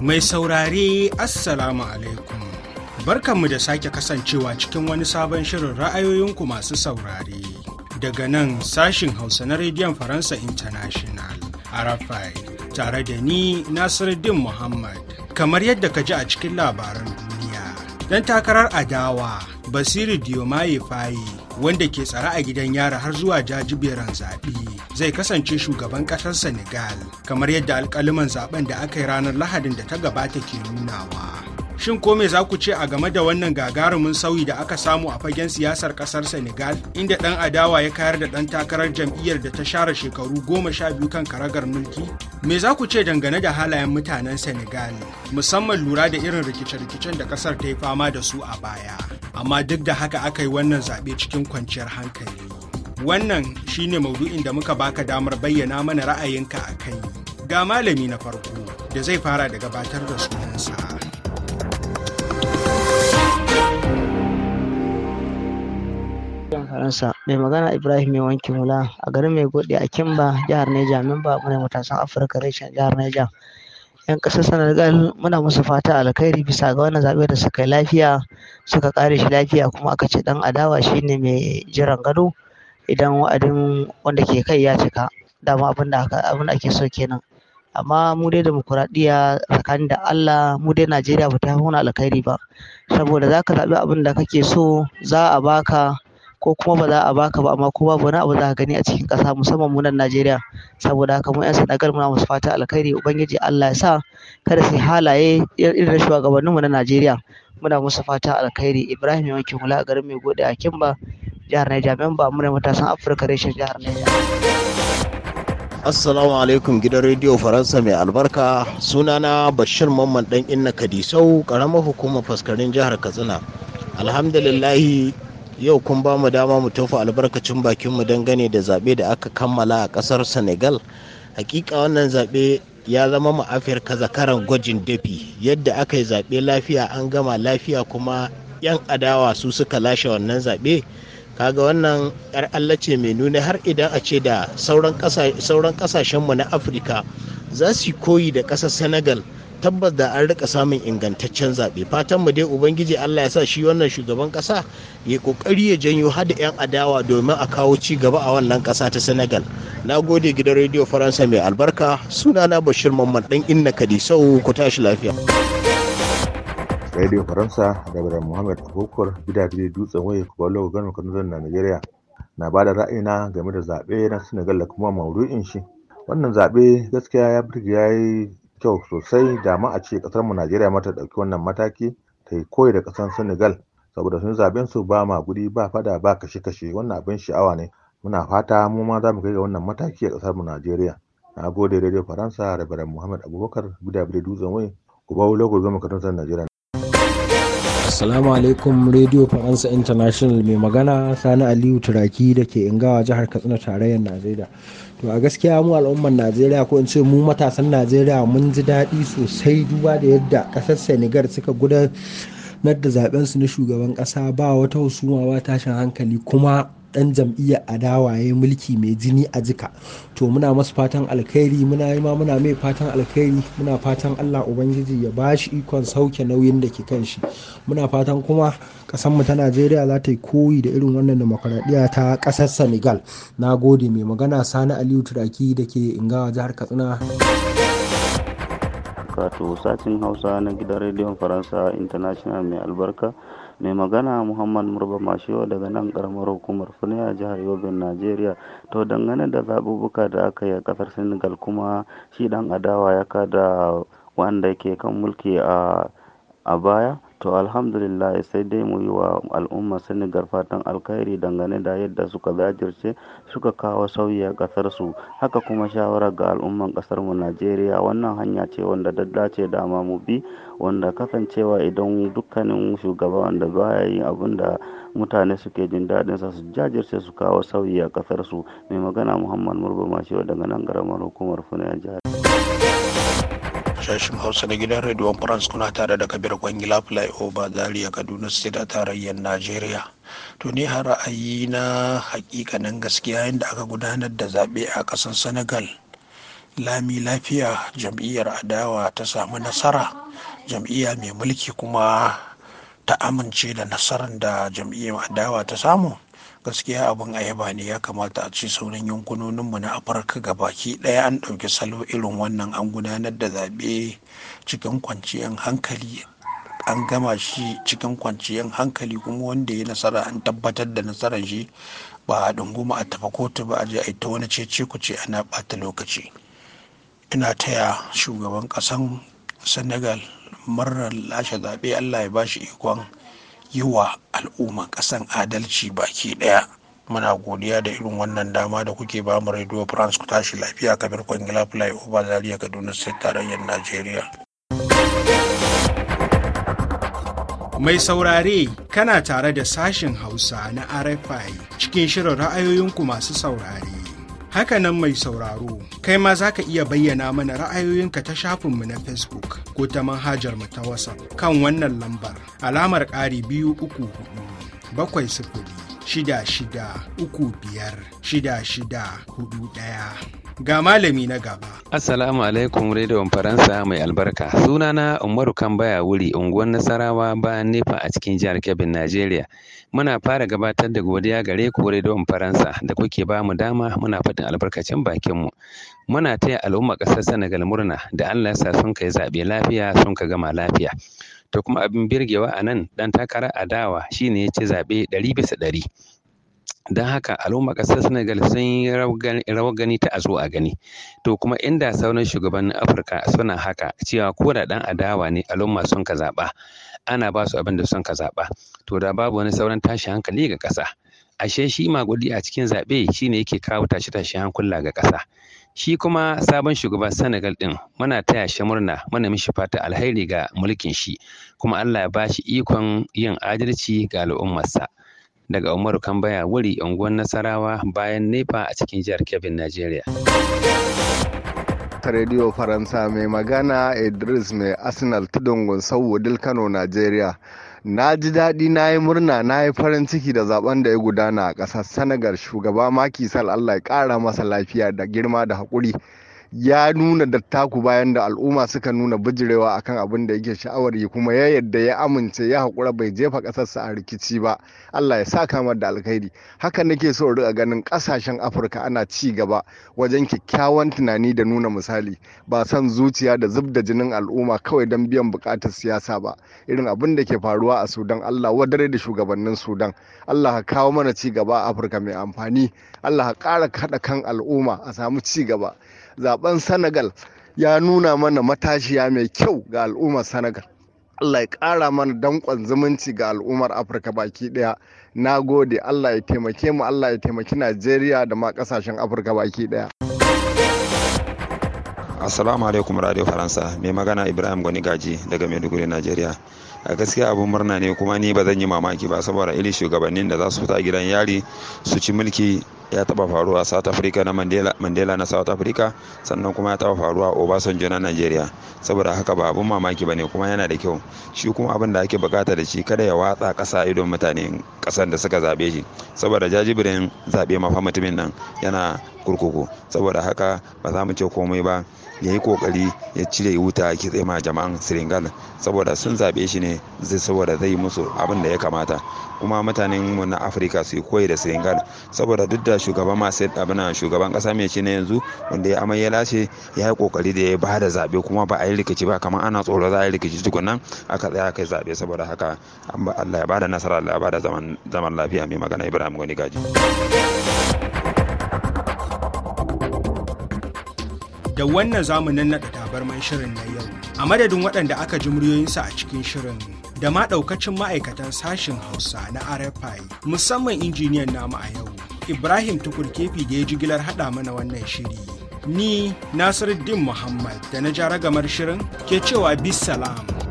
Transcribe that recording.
Mai saurare Assalamu alaikum. Barkanmu da sake kasancewa cikin wani sabon shirin ra'ayoyinku masu saurare. Daga nan sashin Hausa na Rediyon Faransa International, Arafai, tare da ni Nasiruddin Muhammad. Kamar yadda ka ji a cikin labaran duniya, dan takarar adawa Basiru Diomaye Faye wanda ke tsare a gidan yara har zuwa jajiberan zaɓe zai kasance shugaban ƙasar Senegal, kamar yadda alkaliman zaben da aka yi ranar Lahadin da ta gabata ke nunawa. Shin ko me za ku ce a game da wannan gagarumin sauyi da aka samu a fagen siyasar kasar Senegal inda dan adawa ya kayar da dan takarar jam'iyyar da ta share shekaru goma sha biyu kan karagar mulki? Me za ku ce dangane da halayen mutanen Senegal musamman lura da irin rikice-rikicen da kasar ta yi fama da su a baya? Amma duk da haka aka yi wannan zaɓe cikin kwanciyar hankali. Wannan shine maudu'in da muka baka damar bayyana mana ra'ayinka a kai. Ga malami na farko da zai fara da gabatar da sunansa. Faransa mai magana Ibrahim mai wankin hula a garin mai gode a Kimba jihar Neja memba muna matasan Afirka reshen jihar Neja. 'yan ƙasar senegal muna musu fata alkhairi bisa ga wannan zaɓe da suka yi lafiya suka ƙare shi lafiya kuma aka ce ɗan adawa shine mai jiran gado idan wa'adin wanda ke kai ya cika dama abin da ake so kenan amma mu dai demokuraɗiyya tsakanin da Allah mu dai Najeriya ba ta hauna alkhairi ba saboda za ka zaɓi abin da kake so za a baka ko kuma ba za a baka ba amma ko babu wani abu za ka gani a cikin ƙasa musamman mu nan Najeriya saboda haka mu 'yan sadagar muna musu fata alkhairi ubangiji Allah ya sa kada su halaye irin mu na Najeriya muna musu fata alkhairi Ibrahim Yankin Hula a garin Mai Gode a ba. jihar Niger memba ne matasan Afirka reshen jihar Niger. Assalamu alaikum gidan rediyo Faransa mai albarka sunana Bashir Mamman dan Inna Kadisau karamar hukumar faskarin jihar Katsina. Alhamdulillahi yau kun ba mu dama mu tofa albarkacin bakin mu dangane da zabe da aka kammala a kasar Senegal. Hakika wannan zabe ya zama mu Afirka zakaran gwajin dafi yadda aka yi zabe lafiya an gama lafiya kuma 'yan adawa su suka lashe wannan zabe. kaga wannan yar Allah ce mai nuna har idan a ce da sauran mu na afirka za su koyi da ƙasar senegal tabbas da an rika samun ingantaccen zaɓe fatan mu dai ubangiji allah ya sa shi wannan shugaban ƙasa ya kokari ya janyo hada 'yan adawa domin a kawo ci gaba a wannan ƙasa ta senegal na gode gidan rediyo faransa mai albarka sunana bashir mamman ɗan inna kadisau ku tashi lafiya radio faransa da bada muhammad gida biyu dutsen waye kuma lokacin kano na nigeria na ba da ra'ayina game da zaɓe na senegal da kuma maudu'in shi wannan zaɓe gaskiya ya burge ya yi kyau sosai da ma a ce ƙasar mu najeriya mata ɗauki wannan mataki ta yi koyi da ƙasar senegal saboda sun zaɓen su ba ma guri ba fada ba kashe-kashe wannan abin sha'awa ne muna fata mu ma za mu kai ga wannan mataki a ƙasar mu najeriya na gode radio faransa da bada muhammad abubakar biyu dutsen wai ku bawo logo zama ka najeriya Assalamu alaikum Radio Faransa International mai magana Sani Aliyu Turaki da ke ingawa jihar Katsina tarayyar Najeriya. To a gaskiya mu al'ummar Najeriya ko in ce mu matasan Najeriya mun ji daɗi sosai duba da yadda ƙasar Senegal suka gudanar da zaben su na shugaban ƙasa ba wata husuma ba tashin hankali kuma dan jam'iyyar adawa ya mulki mai jini a jika to muna masu fatan alkhairi muna yi ma muna mai fatan alkhairi muna fatan allah ubangiji ya ba shi ikon sauke nauyin da ke kan shi muna fatan kuma kasan mu ta najeriya za ta yi koyi da irin wannan demokaradiyya ta ƙasar senegal na gode mai magana sani aliyu turaki da ke ingawa jihar katsina wato sashen hausa na gidan rediyon faransa international mai albarka mai magana muhammad murba mashiwa daga nan ƙaramar hukumar fulani a jihar yobin najeriya to dangane da zaɓuɓɓuka da aka yi a ƙasar senegal kuma shi ɗan adawa ya kada wanda ke kan mulki a baya To alhamdulillah sai dai mu yi wa al'umma Senegal fatan alkhairi dangane da yadda suka zajirce suka kawo sauyi a ƙasarsu. Haka kuma shawara ga al'umman mu Najeriya wannan hanya ce wanda daddace dama mu bi wanda kasancewa idan dukkanin shugaban da baya yin abin da mutane suke jin sa su jajirce su kawo sauyi a ƙasarsu. Mai magana Muhammad Murba Mashiwa daga nan garamar hukumar Funa jihar. sashen hausa na gidan rediyon france kuna tare da kabir kwangila flyover zaria kaduna state a tarayyar nigeria to ne har ra'ayi na hakikanin gaskiya yadda aka gudanar da zaɓe a ƙasar senegal lami lafiya jam'iyyar adawa ta samu nasara jam'iyya mai mulki kuma ta amince da nasarar da jam'iyyar adawa ta samu gaskiya abin ayaba ne ya kamata a ci sauran yankunoninmu na afirka baki daya an ɗauki salo irin wannan an gudanar da zaɓe cikin kwanciyar hankali an gama shi cikin kwanciyar hankali kuma wanda ya nasara an tabbatar da nasarar shi ba a ɗunguma a tafa kotu ba a je a yi ta wani cece ce ana bata lokaci ina taya shugaban ƙasan senegal marar lashe zaɓe allah ya bashi ikon yi wa al'umma ƙasan adalci baki ɗaya muna godiya da irin wannan dama da kuke ba mu radio france ku tashi lafiya kamar kwangila fly over zaria kaduna state tarayyar najeriya mai saurare kana tare da sashen hausa na rfi cikin shirin ra'ayoyinku masu saurare Hakanan mai sauraro, kai ma za ka iya bayyana mana ra'ayoyinka ta shafinmu na Facebook ko ta manhajar mu ta WhatsApp kan wannan lambar alamar ƙari biyu uku hudu bakwai sifili shida shida uku biyar shida shida hudu ɗaya. ga malami na gaba. Assalamu alaikum rediyon Faransa mai albarka. Sunana Umaru Kambaya wuri unguwar Nasarawa ba Nefa a cikin jihar Kebbi, Najeriya. Muna fara gabatar da godiya gare ku rediyon Faransa da kuke ba mu dama muna faɗin albarkacin bakin mu. Muna taya al'umma ƙasar Senegal murna da Allah ya sun kai zaɓe lafiya sun ka gama lafiya. To kuma abin birgewa a nan ɗan takara adawa shine ya ci zaɓe ɗari bisa ɗari. don haka al'umma ƙasar senegal sun yi rawar gani ta a zo a gani to kuma inda sauran shugabannin afirka suna haka cewa ko da ɗan adawa ne al'umma sun ka zaɓa ana ba su abin da sun ka zaɓa to da babu wani sauran tashi hankali ga ƙasa ashe shi magudi a cikin zaɓe shi ne yake kawo tashe-tashe hankula ga ƙasa shi kuma sabon shugaban senegal ɗin muna taya shi murna muna mishi fata alheri ga mulkin shi kuma allah ya ba shi ikon yin adalci ga al'ummarsa daga Umaru Kambaya wuri unguwar Nasarawa bayan Nepa a cikin jihar Kebbi, Najeriya. ta rediyo faransa mai magana idris mai arsenal tudun gonsau kano Najeriya, na ji daɗi na yi murna na yi farin ciki da zaben da ya gudana a ƙasar senegal shugaba makisal allah ya ƙara masa lafiya da girma da haƙuri ya nuna dattaku bayan da al'umma suka nuna bijirewa akan abin da yake sha'awar yi kuma ya yadda ya amince ya haƙura bai jefa ƙasarsa a rikici ba allah ya sa kamar da alkhairi haka nake so riƙa ganin ƙasashen afirka ana ci gaba wajen kyakkyawan tunani da nuna misali ba son zuciya da zub da jinin al'umma kawai don biyan buƙatar siyasa ba irin abin da ke faruwa a sudan allah wadare da shugabannin sudan allah ka kawo mana ci gaba a afirka mai amfani allah ka ƙara haɗa kan al'umma a samu ci gaba zaben senegal ya nuna mana matashiya mai kyau ga al'ummar senegal allah ya kara mana danƙon zumunci ga al'ummar afirka baki daya. na gode allah ya taimake mu allah ya taimaki najeriya da ma ƙasashen afirka baki ɗaya assalamu alaikum radio faransa mai magana ibrahim gwani gaji daga maiduguri Najeriya. a gaskiya abin murna ne kuma ni ba zan yi mamaki ba saboda irin shugabannin da za su fita gidan yari su ci mulki ya taba faruwa a south africa na mandela, mandela na south africa sannan kuma ya taba faruwa a obasanjo na nigeria saboda haka ba abin mamaki ba ne kuma yana da kyau shi kuma abin da ake bukata da shi kada ya watsa kasa idon mutane kasan da suka zaɓe shi saboda jajibirin zaɓe mafa mutumin nan yana kurkuku saboda haka ba za mu ce komai ba ya yi kokari ya cire wuta tsaye ma jama'an siringal saboda sun zaɓe shi ne saboda zai musu abin da ya kamata kuma mutanen mu na afirka su yi koyi da siringal saboda duk da shugaban masu abin shugaban kasa mai ci na yanzu wanda ya amai ya lashe ya yi kokari da ya ba da zaɓe kuma ba a yi rikici ba kamar ana tsoro za a yi rikici tukunan aka tsaya kai zaɓe saboda haka Allah ya ba da nasara Allah ya ba da zaman lafiya mai magana Ibrahim Gani Gaji. da wannan zamanin naɗa tabarman shirin na yau a madadin waɗanda aka ji muryoyinsa a cikin shirin da ma ɗaukacin ma'aikatan sashen hausa na rfi musamman injiniyan namu a yau Ibrahim tukurkefi da ya jigilar haɗa mana wannan shiri. Ni Nasiruddin Muhammad da na jaragamar shirin ke cewa bisalam. salam.